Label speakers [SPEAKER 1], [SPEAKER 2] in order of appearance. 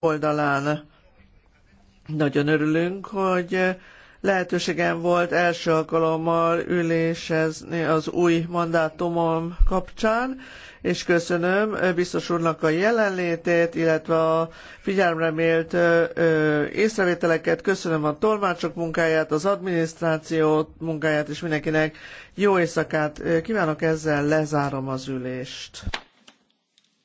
[SPEAKER 1] oldalán. Nagyon örülünk, hogy lehetőségem volt első alkalommal ülésezni az új mandátumom kapcsán, és köszönöm biztos úrnak a jelenlétét, illetve a figyelmre mélt észrevételeket, köszönöm a tolmácsok munkáját, az adminisztráció munkáját, és mindenkinek jó éjszakát kívánok, ezzel lezárom
[SPEAKER 2] az ülést.